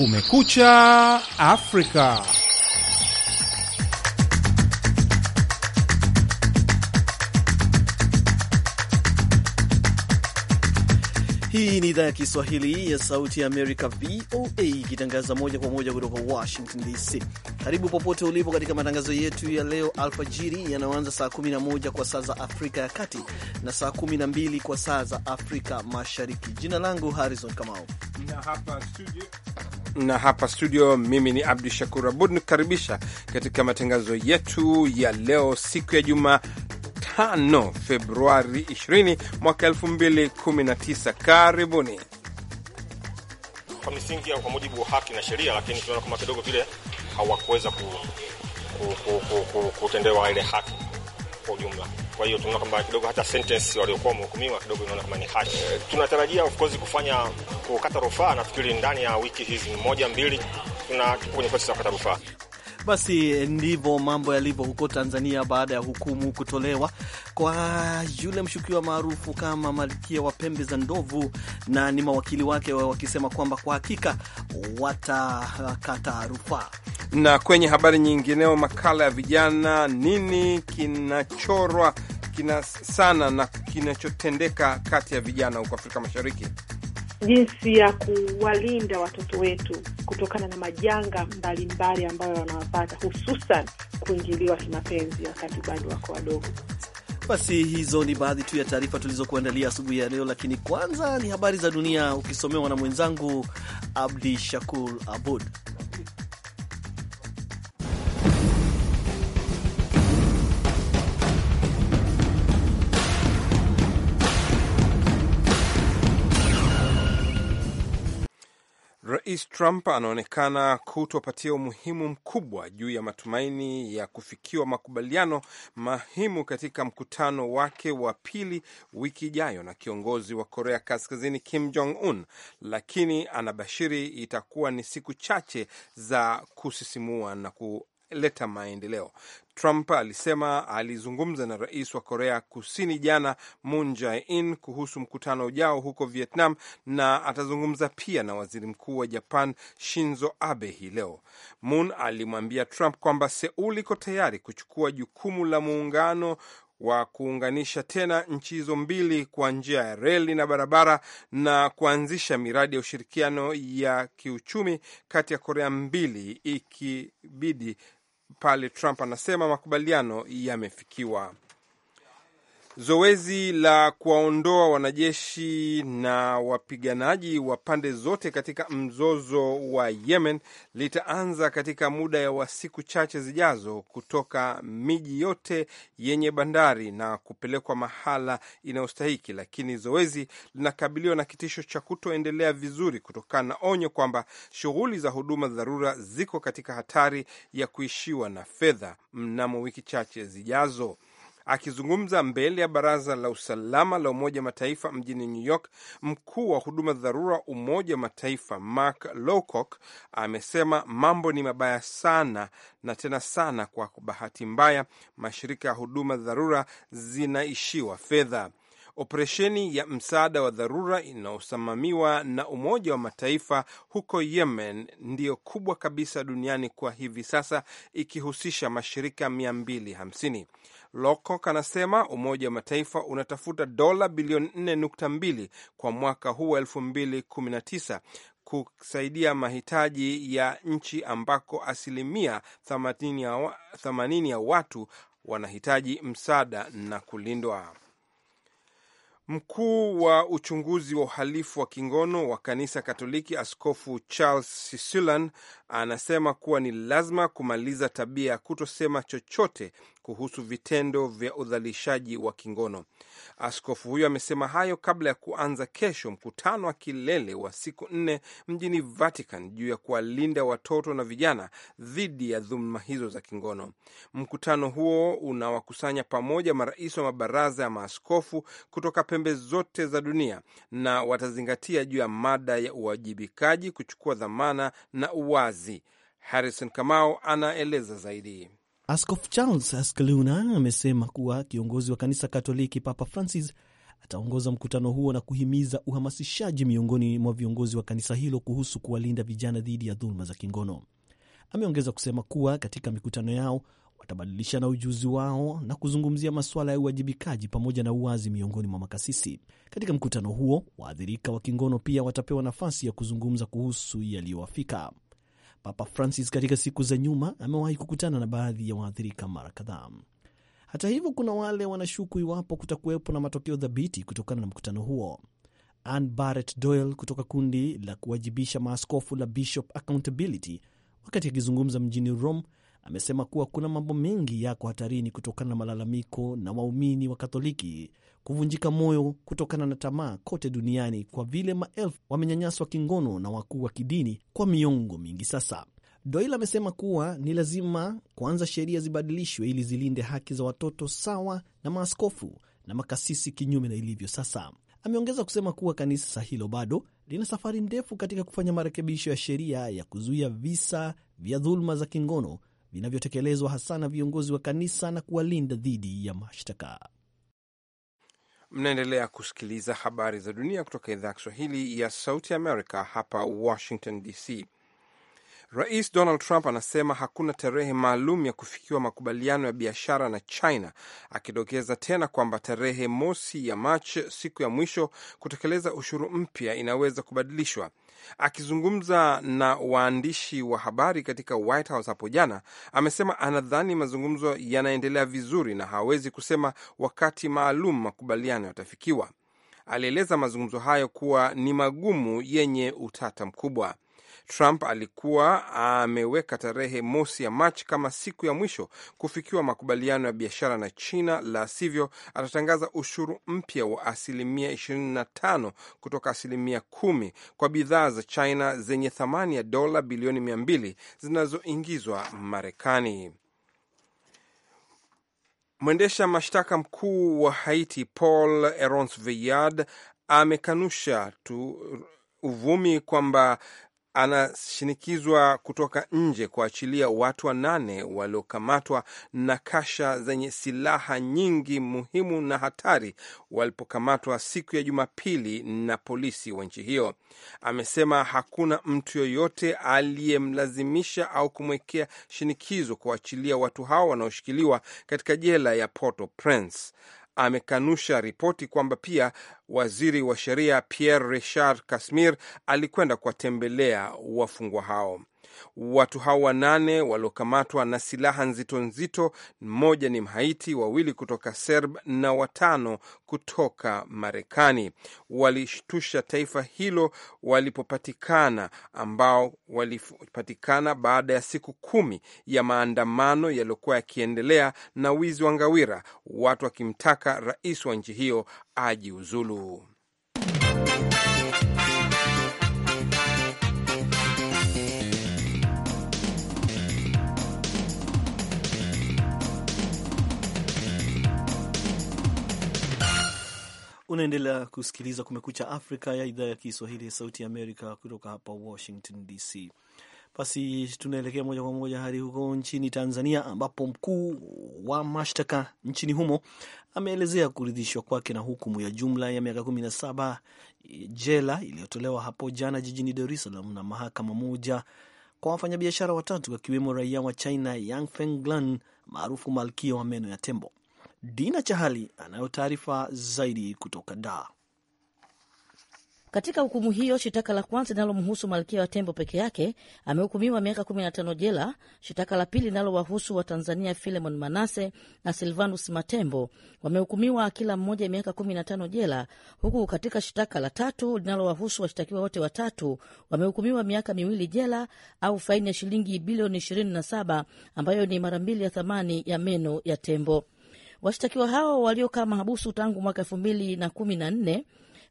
Kumekucha Afrika. Hii ni idhaa ya Kiswahili ya Sauti ya Amerika, VOA, ikitangaza moja kwa moja kutoka Washington DC. Karibu popote ulipo katika matangazo yetu ya leo alfajiri yanayoanza saa 11 kwa saa za Afrika ya Kati na saa 12 kwa saa za Afrika Mashariki. Jina langu Harrison Kamau na hapa studio na hapa studio, mimi ni Abdu Shakur Abud nikukaribisha katika matangazo yetu ya leo, siku ya Juma tano Februari 20 mwaka 2019. Karibuni kwa misingi ya kwa mujibu wa haki na sheria, lakini tunaona kama kidogo vile hawakuweza kutendewa ile haki kwa ujumla. Kwa hiyo tunaona kwamba kidogo hata sentence waliokuwa wamehukumiwa kidogo inaona kama ni haki. Eh, Tunatarajia of course kufanya kukata rufaa, nafikiri ndani ya wiki hizi moja mbili, tuna kwenye kesi za kukata rufaa. Basi ndivyo mambo yalivyo huko Tanzania baada ya hukumu kutolewa kwa yule mshukiwa maarufu kama Malkia wa Pembe za Ndovu, na ni mawakili wake wakisema kwamba kwa hakika watakata rufaa. Na kwenye habari nyingineo, makala ya vijana, nini kinachorwa kina sana na kinachotendeka kati ya vijana huko Afrika Mashariki, jinsi ya kuwalinda watoto wetu kutokana na majanga mbalimbali ambayo wanawapata hususan kuingiliwa kimapenzi wakati bado wako wadogo. Basi hizo ni baadhi tu ya taarifa tulizokuandalia asubuhi ya leo, lakini kwanza ni habari za dunia ukisomewa na mwenzangu Abdi Shakur Abud. Rais Trump anaonekana kutopatia umuhimu mkubwa juu ya matumaini ya kufikiwa makubaliano muhimu katika mkutano wake wa pili wiki ijayo na kiongozi wa Korea Kaskazini Kim Jong Un, lakini anabashiri itakuwa ni siku chache za kusisimua na ku leta maendeleo. Trump alisema alizungumza na rais wa Korea Kusini jana Moon Jae-in kuhusu mkutano ujao huko Vietnam, na atazungumza pia na waziri mkuu wa Japan Shinzo Abe hii leo. Moon alimwambia Trump kwamba Seul iko tayari kuchukua jukumu la muungano wa kuunganisha tena nchi hizo mbili kwa njia ya reli na barabara na kuanzisha miradi ya ushirikiano ya kiuchumi kati ya Korea mbili ikibidi pale Trump anasema makubaliano yamefikiwa. Zoezi la kuwaondoa wanajeshi na wapiganaji wa pande zote katika mzozo wa Yemen litaanza katika muda wa siku chache zijazo kutoka miji yote yenye bandari na kupelekwa mahala inayostahiki, lakini zoezi linakabiliwa na kitisho cha kutoendelea vizuri kutokana na onyo kwamba shughuli za huduma za dharura ziko katika hatari ya kuishiwa na fedha mnamo wiki chache zijazo. Akizungumza mbele ya baraza la usalama la Umoja wa Mataifa mjini New York, mkuu wa huduma za dharura Umoja wa Mataifa Mark Lowcock amesema mambo ni mabaya sana na tena sana. Kwa bahati mbaya, mashirika ya huduma za dharura zinaishiwa fedha. Operesheni ya msaada wa dharura inayosimamiwa na Umoja wa Mataifa huko Yemen ndiyo kubwa kabisa duniani kwa hivi sasa, ikihusisha mashirika 250. Lowcock anasema Umoja wa Mataifa unatafuta dola bilioni 4.2 kwa mwaka huu wa 2019 kusaidia mahitaji ya nchi ambako asilimia 80 ya watu wanahitaji msaada na kulindwa. Mkuu wa uchunguzi wa uhalifu wa kingono wa kanisa Katoliki, Askofu Charles Sisulan anasema kuwa ni lazima kumaliza tabia ya kutosema chochote kuhusu vitendo vya udhalishaji wa kingono. Askofu huyo amesema hayo kabla ya kuanza kesho mkutano wa kilele wa siku nne mjini Vatican juu ya kuwalinda watoto na vijana dhidi ya dhuluma hizo za kingono. Mkutano huo unawakusanya pamoja marais wa mabaraza ya maaskofu kutoka pembe zote za dunia na watazingatia juu ya mada ya uwajibikaji, kuchukua dhamana na uwazi. Harrison Kamau anaeleza zaidi. Askofu Charles Askeluna amesema kuwa kiongozi wa kanisa Katoliki Papa Francis ataongoza mkutano huo na kuhimiza uhamasishaji miongoni mwa viongozi wa kanisa hilo kuhusu kuwalinda vijana dhidi ya dhuluma za kingono. Ameongeza kusema kuwa katika mikutano yao watabadilishana ujuzi wao na kuzungumzia masuala ya uwajibikaji pamoja na uwazi miongoni mwa makasisi. Katika mkutano huo, waathirika wa kingono pia watapewa nafasi ya kuzungumza kuhusu yaliyowafika. Papa Francis katika siku za nyuma amewahi kukutana na baadhi ya waathirika mara kadhaa. Hata hivyo, kuna wale wanashuku iwapo kutakuwepo na matokeo thabiti kutokana na mkutano huo. Ann Barrett Doyle kutoka kundi la kuwajibisha maaskofu la Bishop Accountability, wakati akizungumza mjini Rome amesema kuwa kuna mambo mengi yako hatarini kutokana na malalamiko na waumini wa Katoliki kuvunjika moyo kutokana na tamaa kote duniani kwa vile maelfu wamenyanyaswa kingono na wakuu wa kidini kwa miongo mingi sasa. Doyle amesema kuwa ni lazima kwanza sheria zibadilishwe ili zilinde haki za watoto sawa na maaskofu na makasisi, kinyume na ilivyo sasa. Ameongeza kusema kuwa kanisa hilo bado lina safari ndefu katika kufanya marekebisho ya sheria ya kuzuia visa vya dhuluma za kingono vinavyotekelezwa hasa na viongozi wa kanisa na kuwalinda dhidi ya mashtaka. Mnaendelea kusikiliza habari za dunia kutoka idhaa ya Kiswahili ya Sauti Amerika hapa Washington DC. Rais Donald Trump anasema hakuna tarehe maalum ya kufikiwa makubaliano ya biashara na China, akidokeza tena kwamba tarehe mosi ya Machi, siku ya mwisho kutekeleza ushuru mpya, inaweza kubadilishwa Akizungumza na waandishi wa habari katika White House hapo jana, amesema anadhani mazungumzo yanaendelea vizuri na hawezi kusema wakati maalum makubaliano yatafikiwa. Alieleza mazungumzo hayo kuwa ni magumu yenye utata mkubwa. Trump alikuwa ameweka tarehe mosi ya Machi kama siku ya mwisho kufikiwa makubaliano ya biashara na China, la sivyo atatangaza ushuru mpya wa asilimia 25 kutoka asilimia kumi kwa bidhaa za China zenye thamani ya dola bilioni mbili zinazoingizwa Marekani. Mwendesha mashtaka mkuu wa Haiti Paul Erons amekanusha tu uvumi kwamba anashinikizwa kutoka nje kuachilia watu wanane waliokamatwa na kasha zenye silaha nyingi muhimu na hatari walipokamatwa siku ya Jumapili na polisi wa nchi hiyo. Amesema hakuna mtu yoyote aliyemlazimisha au kumwekea shinikizo kuachilia watu hao wanaoshikiliwa katika jela ya Port-au-Prince amekanusha ripoti kwamba pia waziri wa sheria Pierre Richard Kasmir alikwenda kuwatembelea wafungwa hao. Watu hao wanane waliokamatwa na silaha nzito nzito, mmoja ni Mhaiti, wawili kutoka Serb na watano kutoka Marekani, walishtusha taifa hilo walipopatikana, ambao walipatikana baada ya siku kumi ya maandamano yaliyokuwa yakiendelea na wizi wa ngawira, watu wakimtaka rais wa nchi hiyo ajiuzulu. Unaendelea kusikiliza Kumekucha Afrika ya idhaa ya Kiswahili ya Sauti ya Amerika kutoka hapa Washington DC. Basi tunaelekea moja kwa moja hadi huko nchini Tanzania, ambapo mkuu wa mashtaka nchini humo ameelezea kuridhishwa kwake na hukumu ya jumla ya miaka kumi na saba e, jela iliyotolewa hapo jana jijini Dar es Salaam na mahakama moja kwa wafanyabiashara watatu wakiwemo raia wa China Yang maarufu Malkia wa meno ya tembo. Dina Chahali anayo taarifa zaidi kutoka Dar. Katika hukumu hiyo, shitaka la kwanza linalomhusu malkia wa tembo peke yake amehukumiwa miaka 15 jela. Shitaka la pili linalowahusu Watanzania Filemon Manase na Silvanus Matembo wamehukumiwa kila mmoja miaka 15 jela, huku katika shitaka la tatu linalowahusu washitakiwa wote watatu wamehukumiwa miaka miwili jela au faini ya shilingi bilioni 27 ambayo ni mara mbili ya thamani ya meno ya tembo. Washtakiwa hao waliokaa mahabusu tangu mwaka elfu mbili na kumi na nne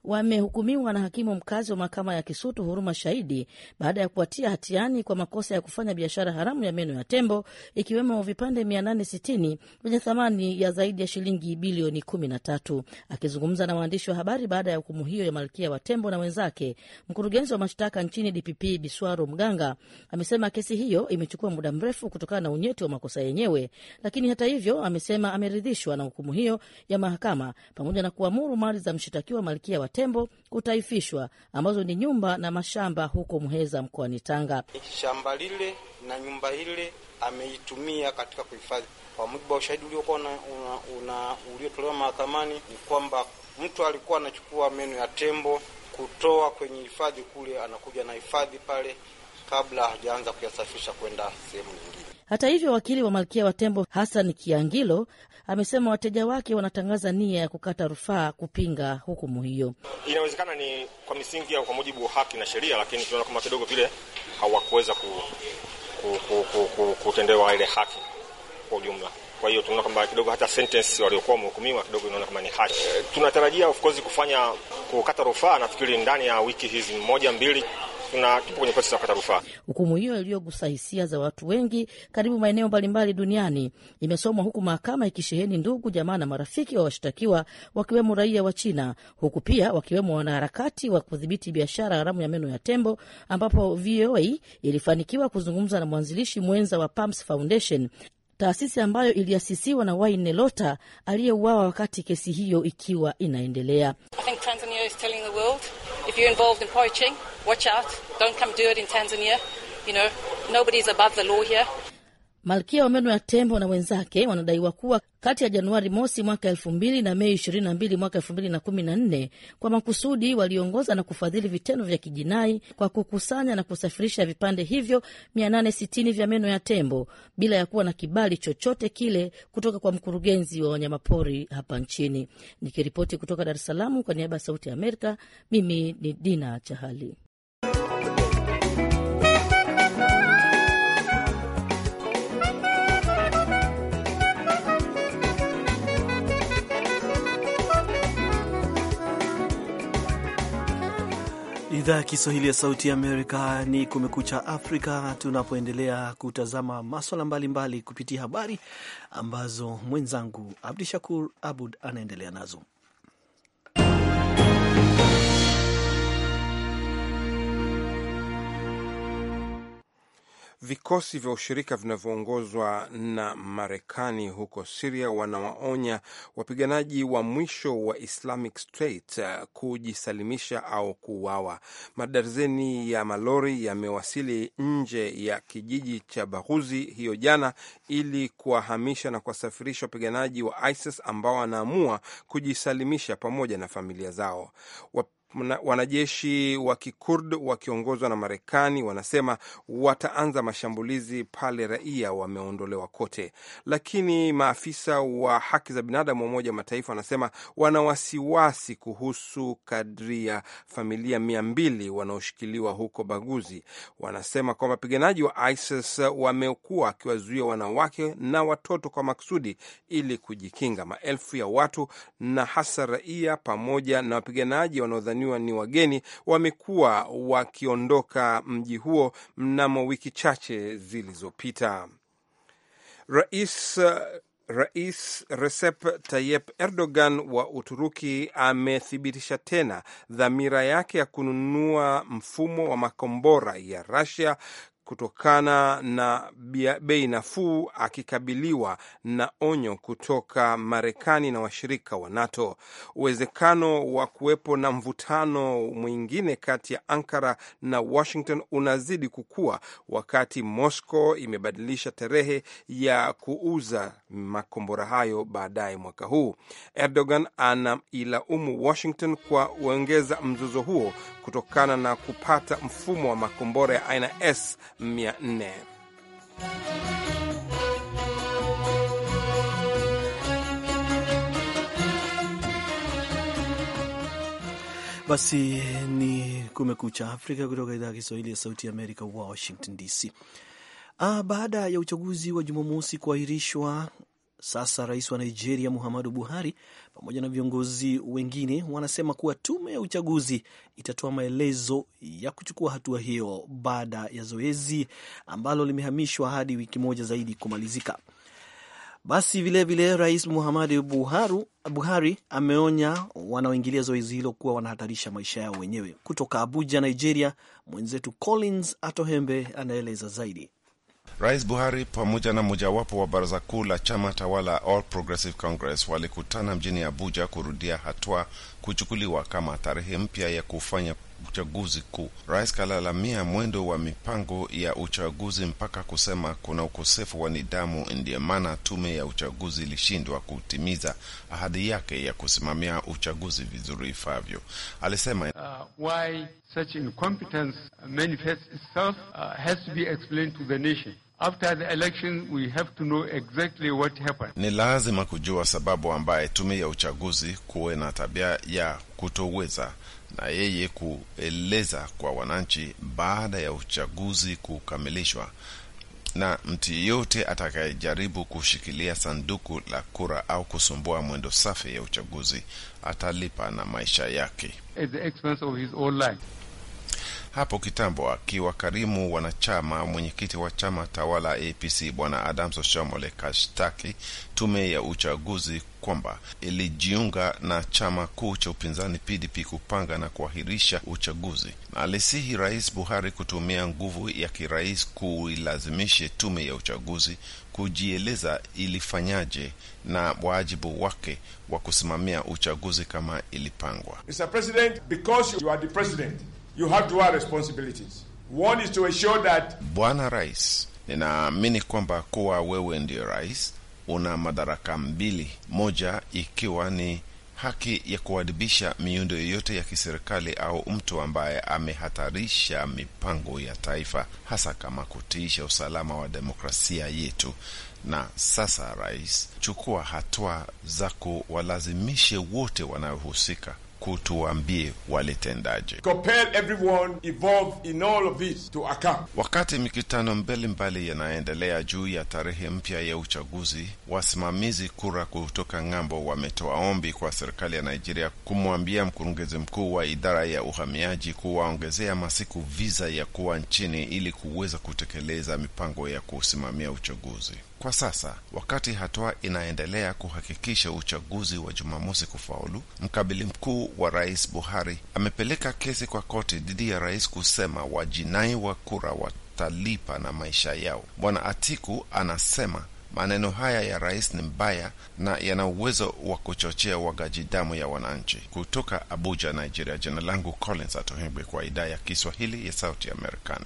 wamehukumiwa na hakimu mkazi wa mahakama ya Kisutu Huruma Shahidi baada ya kuwatia hatiani kwa makosa ya kufanya biashara haramu ya meno ya tembo ikiwemo vipande 860 vyenye thamani ya zaidi ya shilingi bilioni 13. Akizungumza na waandishi wa habari baada ya hukumu hiyo ya malkia wa tembo na wenzake, mkurugenzi wa mashtaka nchini DPP Biswaro Mganga amesema kesi hiyo imechukua muda mrefu kutokana na unyeti wa makosa yenyewe, lakini hata hivyo amesema ameridhishwa na hukumu hiyo ya mahakama pamoja na kuamuru mali za mshitakiwa malkia wa tembo kutaifishwa ambazo ni nyumba na mashamba huko Muheza mkoani Tanga. Shamba lile na nyumba ile ameitumia katika kuhifadhi. Kwa mujibu wa ushahidi uliokuwa uliotolewa mahakamani, ni kwamba mtu alikuwa anachukua meno ya tembo kutoa kwenye hifadhi kule, anakuja na hifadhi pale kabla hajaanza kuyasafisha kwenda sehemu nyingine. Hata hivyo, wakili wa malkia wa tembo Hassan Kiangilo amesema wateja wake wanatangaza nia ya kukata rufaa kupinga hukumu hiyo. Inawezekana ni kwa misingi au kwa mujibu wa haki na sheria, lakini tunaona kwamba kidogo vile hawakuweza ku, ku, ku, ku, ku, kutendewa ile haki kwa ujumla. Kwa hiyo tunaona kwamba kidogo hata sentence waliokuwa wamehukumiwa kidogo inaona kama ni haki. Tunatarajia of course kufanya kukata rufaa, nafikiri ndani ya wiki hizi moja mbili na kipo kwenye kesi za kukata rufaa. Hukumu hiyo iliyogusa hisia za watu wengi karibu maeneo mbalimbali duniani imesomwa huku mahakama ikisheheni ndugu, jamaa na marafiki wa washtakiwa wakiwemo raia wa China, huku pia wakiwemo wanaharakati wa kudhibiti biashara haramu ya meno ya tembo, ambapo VOA ilifanikiwa kuzungumza na mwanzilishi mwenza wa PAMS Foundation taasisi ambayo iliasisiwa na Wayne Nelota aliyeuawa wakati kesi hiyo ikiwa inaendelea. I think watch out, don't come do it in Tanzania. You know, nobody's above the law here. Malkia wa meno ya tembo na wenzake wanadaiwa kuwa kati ya Januari mosi mwaka elfu mbili na Mei ishirini na mbili mwaka elfu mbili na kumi na nne kwa makusudi waliongoza na kufadhili vitendo vya kijinai kwa kukusanya na kusafirisha vipande hivyo sitini vya meno ya tembo bila ya kuwa na kibali chochote kile kutoka kwa mkurugenzi wa wanyamapori hapa nchini. Nikiripoti kutoka Dar es Salaam kwa niaba ya Sauti ya Amerika, mimi ni Dina Chahali. idhaa ya Kiswahili ya Sauti ya Amerika ni Kumekucha Afrika, tunapoendelea kutazama maswala mbalimbali kupitia habari ambazo mwenzangu Abdi Shakur Abud anaendelea nazo. Vikosi vya ushirika vinavyoongozwa na Marekani huko Siria wanawaonya wapiganaji wa mwisho wa Islamic State uh, kujisalimisha au kuuawa. Madarzeni ya malori yamewasili nje ya kijiji cha Baghuzi hiyo jana, ili kuwahamisha na kuwasafirisha wapiganaji wa ISIS ambao wanaamua kujisalimisha pamoja na familia zao wanajeshi wa Kikurd wakiongozwa na Marekani wanasema wataanza mashambulizi pale raia wameondolewa kote, lakini maafisa wa haki za binadamu wa Umoja Mataifa wanasema wana wasiwasi kuhusu kadri ya familia mia mbili wanaoshikiliwa huko Baguzi. Wanasema kwamba wapiganaji wa ISIS wamekuwa wakiwazuia wanawake na watoto kwa maksudi ili kujikinga. Maelfu ya watu na hasa raia pamoja na wapiganaji wanaodhani wanaodhaniwa ni wageni wamekuwa wakiondoka mji huo mnamo wiki chache zilizopita. Rais Rais Recep Tayyip Erdogan wa Uturuki amethibitisha tena dhamira yake ya kununua mfumo wa makombora ya Russia kutokana na bei nafuu, akikabiliwa na onyo kutoka Marekani na washirika wa NATO. Uwezekano wa kuwepo na mvutano mwingine kati ya Ankara na Washington unazidi kukua wakati Moscow imebadilisha tarehe ya kuuza makombora hayo baadaye mwaka huu. Erdogan anailaumu Washington kwa kuongeza mzozo huo kutokana na kupata mfumo wa makombora ya aina S400. Basi ni Kumekucha Afrika kutoka idhaa ya Kiswahili ya Sauti ya Amerika, Washington DC. Ah, baada ya uchaguzi wa Jumamosi kuahirishwa sasa rais wa Nigeria Muhammadu Buhari pamoja na viongozi wengine wanasema kuwa tume ya uchaguzi itatoa maelezo ya kuchukua hatua hiyo baada ya zoezi ambalo limehamishwa hadi wiki moja zaidi kumalizika. Basi vilevile vile, rais Muhammadu Buhari, Buhari ameonya wanaoingilia zoezi hilo kuwa wanahatarisha maisha yao wenyewe. Kutoka Abuja, Nigeria, mwenzetu Collins Atohembe anaeleza zaidi. Rais Buhari pamoja na mojawapo wa baraza kuu la chama tawala All Progressive Congress walikutana mjini Abuja kurudia hatua kuchukuliwa kama tarehe mpya ya kufanya uchaguzi kuu. Rais kalalamia mwendo wa mipango ya uchaguzi mpaka kusema kuna ukosefu wa nidhamu, ndiye maana tume ya uchaguzi ilishindwa kutimiza ahadi yake ya kusimamia uchaguzi vizuri ifavyo. Alisema uh, why such incompetence manifests itself, uh, has to be explained to the nation. After the election, we have to know exactly what happened. Ni lazima kujua sababu ambaye tume ya uchaguzi kuwe na tabia ya kutoweza na yeye kueleza kwa wananchi baada ya uchaguzi kukamilishwa, na mtu yeyote atakayejaribu kushikilia sanduku la kura au kusumbua mwendo safi ya uchaguzi atalipa na maisha yake at the expense of his own life hapo kitambo akiwakarimu wanachama. Mwenyekiti wa chama tawala APC Bwana Adams Oshomole kashtaki tume ya uchaguzi kwamba ilijiunga na chama kuu cha upinzani PDP kupanga na kuahirisha uchaguzi, na alisihi Rais Buhari kutumia nguvu ya kirais kuilazimishe tume ya uchaguzi kujieleza ilifanyaje na wajibu wake wa kusimamia uchaguzi kama ilipangwa. Mr. President, because you are the president you have dual responsibilities. One is to ensure that... Bwana Rais, ninaamini kwamba kuwa wewe ndiyo rais una madaraka mbili, moja ikiwa ni haki ya kuadhibisha miundo yoyote ya kiserikali au mtu ambaye amehatarisha mipango ya taifa, hasa kama kutiisha usalama wa demokrasia yetu. Na sasa, rais, chukua hatua za kuwalazimisha wote wanaohusika kutuambie walitendaje. Wakati mikutano mbalimbali yanaendelea juu ya tarehe mpya ya uchaguzi, wasimamizi kura kutoka ng'ambo wametoa ombi kwa serikali ya Nigeria kumwambia mkurugenzi mkuu wa idara ya uhamiaji kuwaongezea masiku viza ya kuwa nchini ili kuweza kutekeleza mipango ya kusimamia uchaguzi. Kwa sasa wakati hatua inaendelea kuhakikisha uchaguzi wa Jumamosi kufaulu, mkabili mkuu wa rais Buhari amepeleka kesi kwa koti dhidi ya rais kusema wajinai wa kura watalipa na maisha yao. Bwana Atiku anasema maneno haya ya rais ni mbaya na yana uwezo wa kuchochea wagaji damu ya wananchi. Kutoka Abuja, Nigeria, jina langu Collins Atohegwe, kwa idhaa ya Kiswahili ya Sauti Amerikani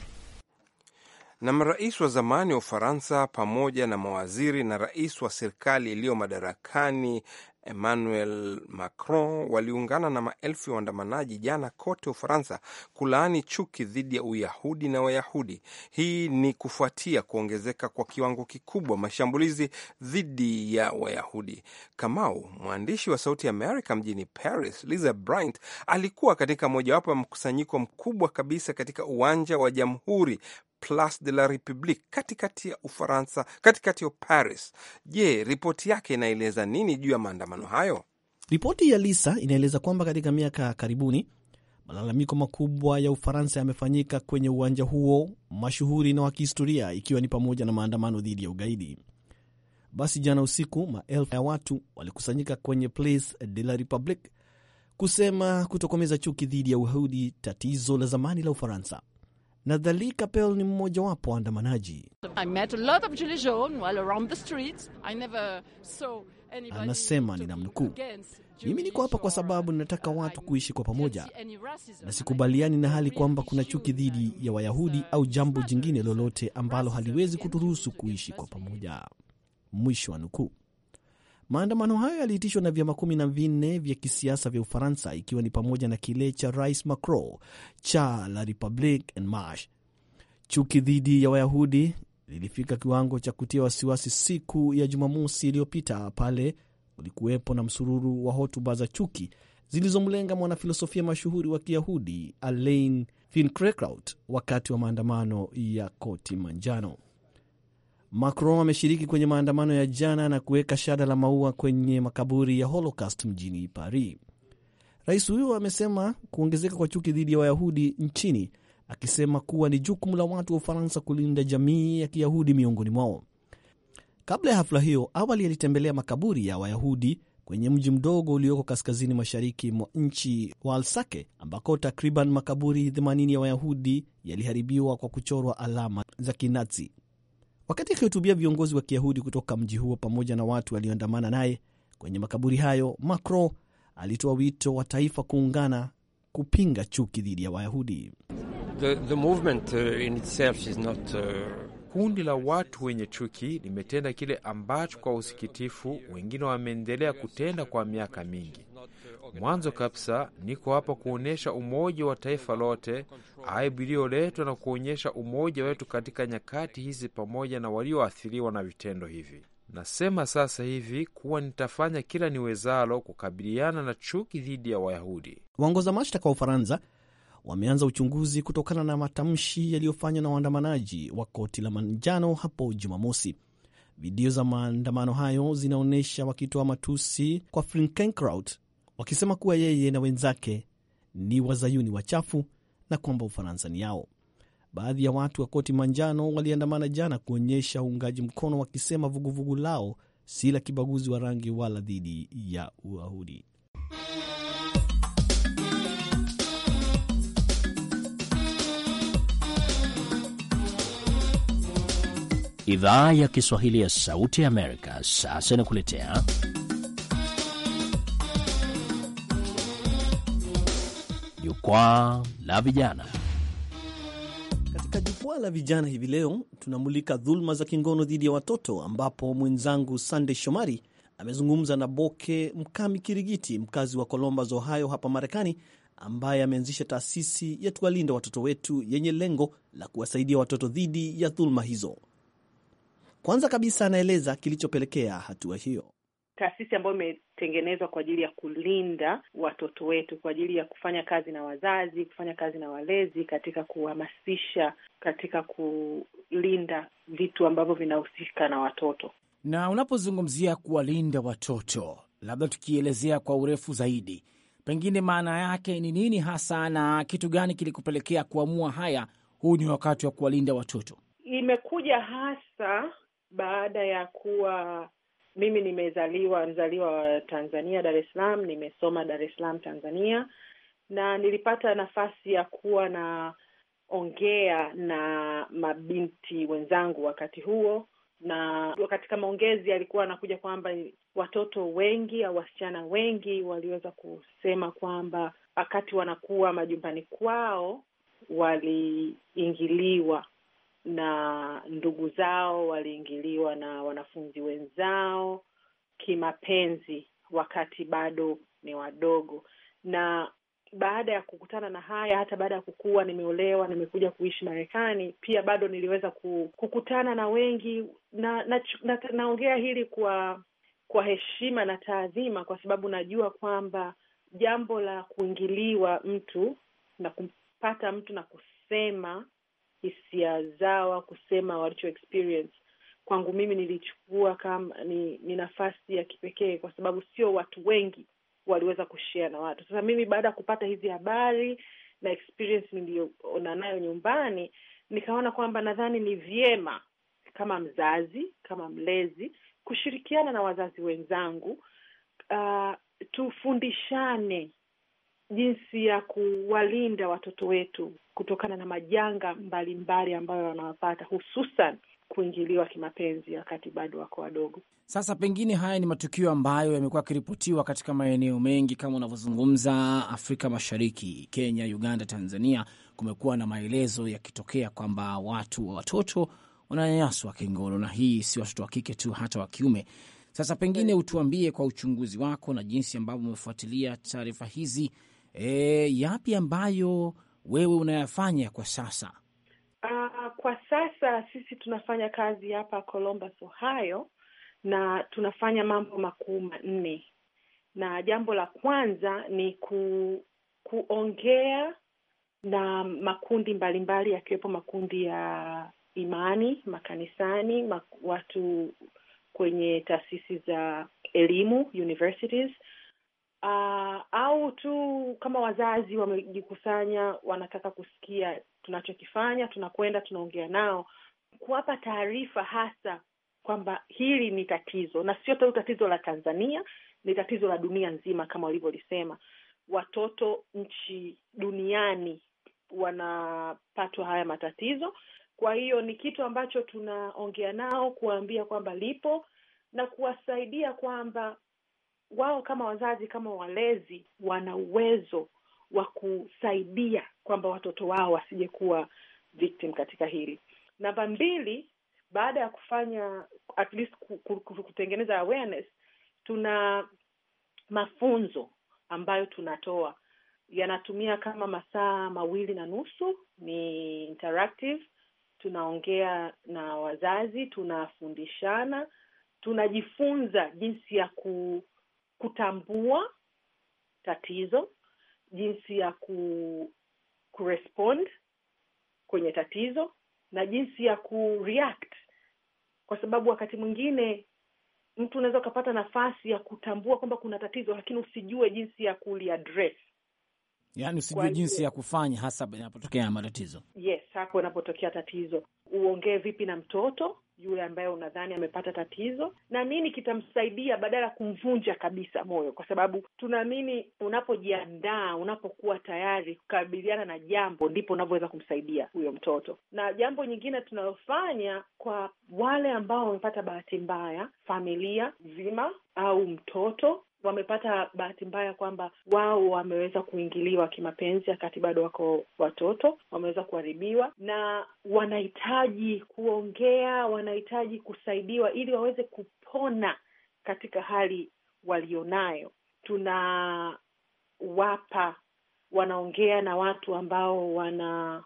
na marais wa zamani wa Ufaransa pamoja na mawaziri na rais wa serikali iliyo madarakani Emmanuel Macron waliungana na maelfu ya waandamanaji jana kote Ufaransa kulaani chuki dhidi ya Uyahudi na Wayahudi. Hii ni kufuatia kuongezeka kwa kiwango kikubwa mashambulizi dhidi ya Wayahudi. Kamau, mwandishi wa Sauti america mjini Paris, Lisa Bryant alikuwa katika mojawapo ya mkusanyiko mkubwa kabisa katika uwanja wa Jamhuri Place de la Republique katikati ya Ufaransa, katikati ya Paris. Je, ripoti yake inaeleza nini juu ya maandamano hayo? Ripoti ya Lisa inaeleza kwamba katika miaka ya karibuni malalamiko makubwa ya Ufaransa yamefanyika kwenye uwanja huo mashuhuri na wa kihistoria, ikiwa ni pamoja na maandamano dhidi ya ugaidi. Basi jana usiku, maelfu ya watu walikusanyika kwenye Place de la Republique kusema kutokomeza chuki dhidi ya Uyahudi, tatizo la zamani la Ufaransa. Nadhali Kapel ni wapo waandamanaji. Anasema ni namnukuu mimi niko hapa kwa sababu ninataka watu kuishi kwa pamoja, na sikubaliani na hali kwamba kuna chuki dhidi ya Wayahudi uh, au jambo jingine lolote ambalo haliwezi kuturuhusu kuishi kwa pamoja. Mwisho wa nukuu. Maandamano hayo yaliitishwa na vyama kumi na vinne vya kisiasa vya Ufaransa, ikiwa ni pamoja na kile cha Rais Macron cha La Republique En Marche. Chuki dhidi ya Wayahudi lilifika kiwango cha kutia wasiwasi siku ya Jumamosi iliyopita pale kulikuwepo na msururu wa hotuba za chuki zilizomlenga mwanafilosofia mashuhuri wa Kiyahudi Alain Finkielkraut wakati wa maandamano ya koti manjano. Macron ameshiriki kwenye maandamano ya jana na kuweka shada la maua kwenye makaburi ya Holocaust mjini Paris. Rais huyo amesema kuongezeka kwa chuki dhidi ya Wayahudi nchini, akisema kuwa ni jukumu la watu wa Ufaransa kulinda jamii ya Kiyahudi miongoni mwao. Kabla ya hafla hiyo, awali alitembelea makaburi ya Wayahudi kwenye mji mdogo ulioko kaskazini mashariki mwa nchi wa Alsake, ambako takriban makaburi 80 ya Wayahudi yaliharibiwa kwa kuchorwa alama za Kinazi. Wakati akihutubia viongozi wa Kiyahudi kutoka mji huo pamoja na watu walioandamana naye kwenye makaburi hayo, Macron alitoa wito wa taifa kuungana kupinga chuki dhidi ya Wayahudi. The, the uh, uh... Kundi la watu wenye chuki limetenda kile ambacho kwa usikitifu wengine wameendelea kutenda kwa miaka mingi. Mwanzo kabisa niko hapa kuonyesha umoja wa taifa lote, aibu iliyoletwa na kuonyesha umoja wetu katika nyakati hizi pamoja na walioathiriwa na vitendo hivi. Nasema sasa hivi kuwa nitafanya kila niwezalo kukabiliana na chuki dhidi ya Wayahudi. Waongoza mashtaka wa Ufaransa wameanza uchunguzi kutokana na matamshi yaliyofanywa na waandamanaji wa koti la manjano hapo Jumamosi. Video za maandamano hayo zinaonyesha wakitoa matusi kwa Finkenkraut, wakisema kuwa yeye na wenzake ni wazayuni wachafu na kwamba Ufaransa ni yao. Baadhi ya watu wa koti manjano waliandamana jana kuonyesha uungaji mkono, wakisema vuguvugu lao si la kibaguzi wa rangi wala dhidi ya uahudi Idhaa ya Kiswahili ya Sauti ya Amerika sasa inakuletea Jukwaa la Vijana. Katika Jukwaa la Vijana hivi leo tunamulika dhuluma za kingono dhidi ya watoto, ambapo mwenzangu Sandey Shomari amezungumza na Boke Mkami Kirigiti, mkazi wa Columbus, Ohio hapa Marekani, ambaye ameanzisha taasisi ya Tuwalinde Watoto Wetu yenye lengo la kuwasaidia watoto dhidi ya dhuluma hizo. Kwanza kabisa anaeleza kilichopelekea hatua hiyo taasisi ambayo imetengenezwa kwa ajili ya kulinda watoto wetu, kwa ajili ya kufanya kazi na wazazi, kufanya kazi na walezi, katika kuhamasisha, katika kulinda vitu ambavyo vinahusika na watoto. Na unapozungumzia kuwalinda watoto, labda tukielezea kwa urefu zaidi, pengine maana yake ni nini hasa, na kitu gani kilikupelekea kuamua haya, huu ni wakati wa kuwalinda watoto? Imekuja hasa baada ya kuwa mimi nimezaliwa mzaliwa wa Tanzania, Dar es Salaam. Nimesoma Dar es Salaam, Tanzania, na nilipata nafasi ya kuwa na ongea na mabinti wenzangu wakati huo, na katika maongezi alikuwa anakuja kwamba watoto wengi au wasichana wengi waliweza kusema kwamba wakati wanakuwa majumbani kwao waliingiliwa na ndugu zao, waliingiliwa na wanafunzi wenzao kimapenzi wakati bado ni wadogo. Na baada ya kukutana na haya, hata baada ya kukua, nimeolewa, nimekuja kuishi Marekani, pia bado niliweza kukutana na wengi, na naongea na, na hili kwa kwa heshima na taadhima, kwa sababu najua kwamba jambo la kuingiliwa mtu na kumpata mtu na kusema hisia zao, kusema walicho experience. Kwangu mimi nilichukua kama ni, ni nafasi ya kipekee kwa sababu sio watu wengi waliweza kushea na watu. Sasa mimi baada ya kupata hizi habari na experience niliyoona nayo nyumbani, nikaona kwamba nadhani ni vyema kama mzazi, kama mlezi kushirikiana na wazazi wenzangu uh, tufundishane jinsi ya kuwalinda watoto wetu kutokana na majanga mbalimbali mbali ambayo wanawapata hususan kuingiliwa kimapenzi wakati bado wako wadogo. Sasa pengine haya ni matukio ambayo yamekuwa yakiripotiwa katika maeneo mengi kama unavyozungumza, Afrika Mashariki, Kenya, Uganda, Tanzania, kumekuwa na maelezo yakitokea kwamba watu wa watoto wananyanyaswa kingono, na hii si watoto wa kike tu, hata wa kiume. Sasa pengine utuambie kwa uchunguzi wako na jinsi ambavyo umefuatilia taarifa hizi, e, yapi ambayo wewe unayafanya kwa sasa? Uh, kwa sasa sisi tunafanya kazi hapa Columbus, Ohio na tunafanya mambo makuu manne, na jambo la kwanza ni ku, kuongea na makundi mbalimbali yakiwepo makundi ya imani makanisani, mak, watu kwenye taasisi za elimu universities, uh, au tu kama wazazi wamejikusanya, wanataka kusikia tunachokifanya, tunakwenda tunaongea nao, kuwapa taarifa hasa kwamba hili ni tatizo na sio tu tatizo la Tanzania, ni tatizo la dunia nzima. Kama walivyolisema, watoto nchi duniani wanapatwa haya matatizo. Kwa hiyo ni kitu ambacho tunaongea nao, kuwaambia kwamba lipo na kuwasaidia kwamba wao kama wazazi, kama walezi, wana uwezo wa kusaidia kwamba watoto wao wasije kuwa victim katika hili. Namba mbili, baada ya kufanya at least kutengeneza awareness, tuna mafunzo ambayo tunatoa yanatumia kama masaa mawili na nusu, ni interactive. Tunaongea na wazazi, tunafundishana, tunajifunza jinsi ya ku kutambua tatizo, jinsi ya ku kurespond kwenye tatizo na jinsi ya kureact, kwa sababu wakati mwingine mtu unaweza ukapata nafasi ya kutambua kwamba kuna tatizo, lakini usijue jinsi ya kuliadress yaani usijue jinsi ya kufanya hasa inapotokea matatizo. Yes, hapo inapotokea tatizo uongee vipi na mtoto yule ambaye unadhani amepata tatizo na nini kitamsaidia badala ya kumvunja kabisa moyo, kwa sababu tunaamini unapojiandaa, unapokuwa tayari kukabiliana na jambo, ndipo unavyoweza kumsaidia huyo mtoto. Na jambo nyingine tunalofanya kwa wale ambao wamepata bahati mbaya, familia nzima au mtoto wamepata bahati mbaya kwamba wao wameweza kuingiliwa kimapenzi wakati bado wako watoto, wameweza kuharibiwa na wanahitaji kuongea, wanahitaji kusaidiwa ili waweze kupona katika hali walionayo. Tunawapa, wanaongea na watu ambao wana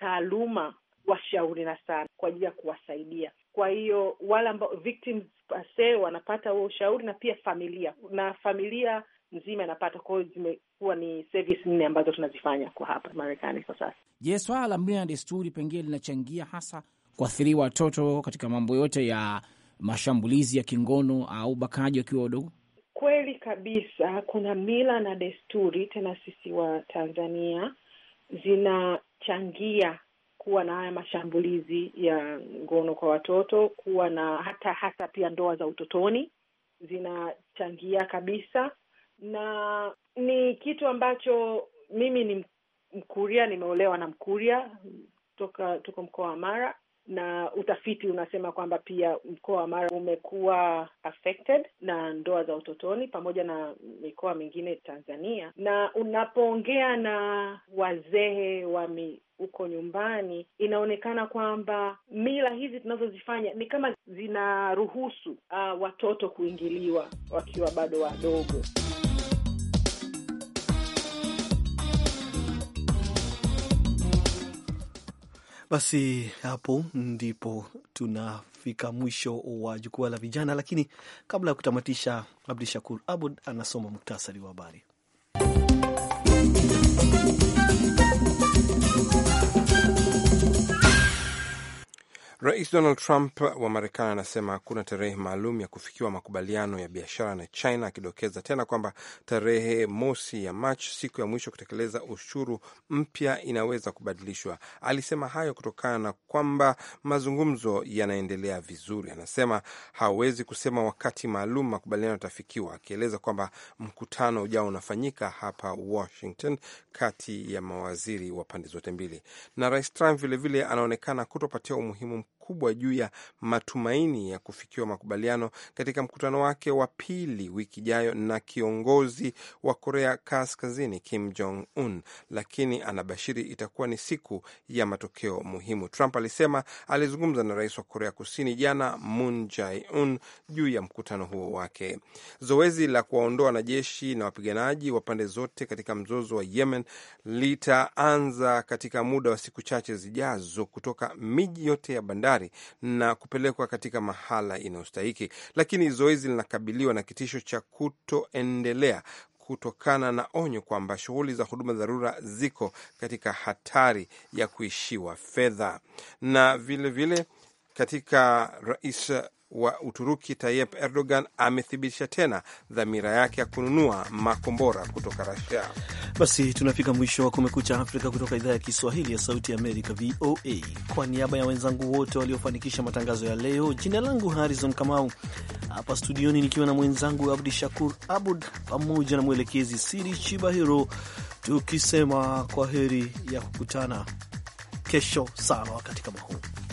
taaluma, washauri na sana kwa ajili ya kuwasaidia. Kwa hiyo wale ambao victims pase wanapata huo ushauri na pia familia na familia nzima inapata. kwao zimekuwa ni service nne ambazo tunazifanya kwa hapa Marekani kwa sasa. Je, swala la mila na desturi pengine linachangia hasa kuathiria watoto katika mambo yote ya mashambulizi ya kingono au bakaji wakiwa wadogo? Kweli kabisa, kuna mila na desturi tena sisi wa Tanzania zinachangia kuwa na haya mashambulizi ya ngono kwa watoto, kuwa na hata hata pia ndoa za utotoni zinachangia kabisa, na ni kitu ambacho mimi ni Mkuria, nimeolewa na Mkuria toka tuko mkoa wa Mara, na utafiti unasema kwamba pia mkoa wa Mara umekuwa affected na ndoa za utotoni pamoja na mikoa mingine Tanzania. Na unapoongea na wazee wa mi, uko nyumbani, inaonekana kwamba mila hizi tunazozifanya ni kama zinaruhusu uh, watoto kuingiliwa wakiwa bado wadogo. Basi hapo ndipo tunafika mwisho wa jukwaa la vijana, lakini kabla ya kutamatisha, Shakur Abud anasoma muktasari wa habari. Rais Donald Trump wa Marekani anasema hakuna tarehe maalum ya kufikiwa makubaliano ya biashara na China, akidokeza tena kwamba tarehe mosi ya Machi, siku ya mwisho kutekeleza ushuru mpya, inaweza kubadilishwa. Alisema hayo kutokana na kwamba mazungumzo yanaendelea vizuri. Anasema hawezi kusema wakati maalum makubaliano yatafikiwa, akieleza kwamba mkutano ujao unafanyika hapa Washington kati ya mawaziri wa pande zote mbili. Na Rais Trump vilevile anaonekana kutopatia umuhimu kubwa juu ya matumaini ya kufikiwa makubaliano katika mkutano wake wa pili wiki ijayo na kiongozi wa Korea Kaskazini Kim Jong Un, lakini anabashiri itakuwa ni siku ya matokeo muhimu. Trump alisema alizungumza na rais wa Korea Kusini jana Moon Jae-in juu ya mkutano huo wake. Zoezi la kuwaondoa wanajeshi na wapiganaji wa pande zote katika mzozo wa Yemen litaanza katika muda wa siku chache zijazo kutoka miji yote ya bandari hatari na kupelekwa katika mahala inayostahiki, lakini zoezi linakabiliwa na kitisho cha kutoendelea kutokana na onyo kwamba shughuli za huduma dharura ziko katika hatari ya kuishiwa fedha. Na vilevile vile katika rais wa Uturuki Tayyip Erdogan amethibitisha tena dhamira yake ya kununua makombora kutoka Rasia. Basi tunafika mwisho wa Kumekucha Afrika kutoka idhaa ya Kiswahili ya Sauti Amerika, VOA. Kwa niaba ya wenzangu wote waliofanikisha matangazo ya leo, jina langu Harrison Kamau, hapa studioni nikiwa na mwenzangu Abdi Shakur Abud pamoja na mwelekezi Siri Chibahiro, tukisema kwa heri ya kukutana kesho sana wakati kama huu.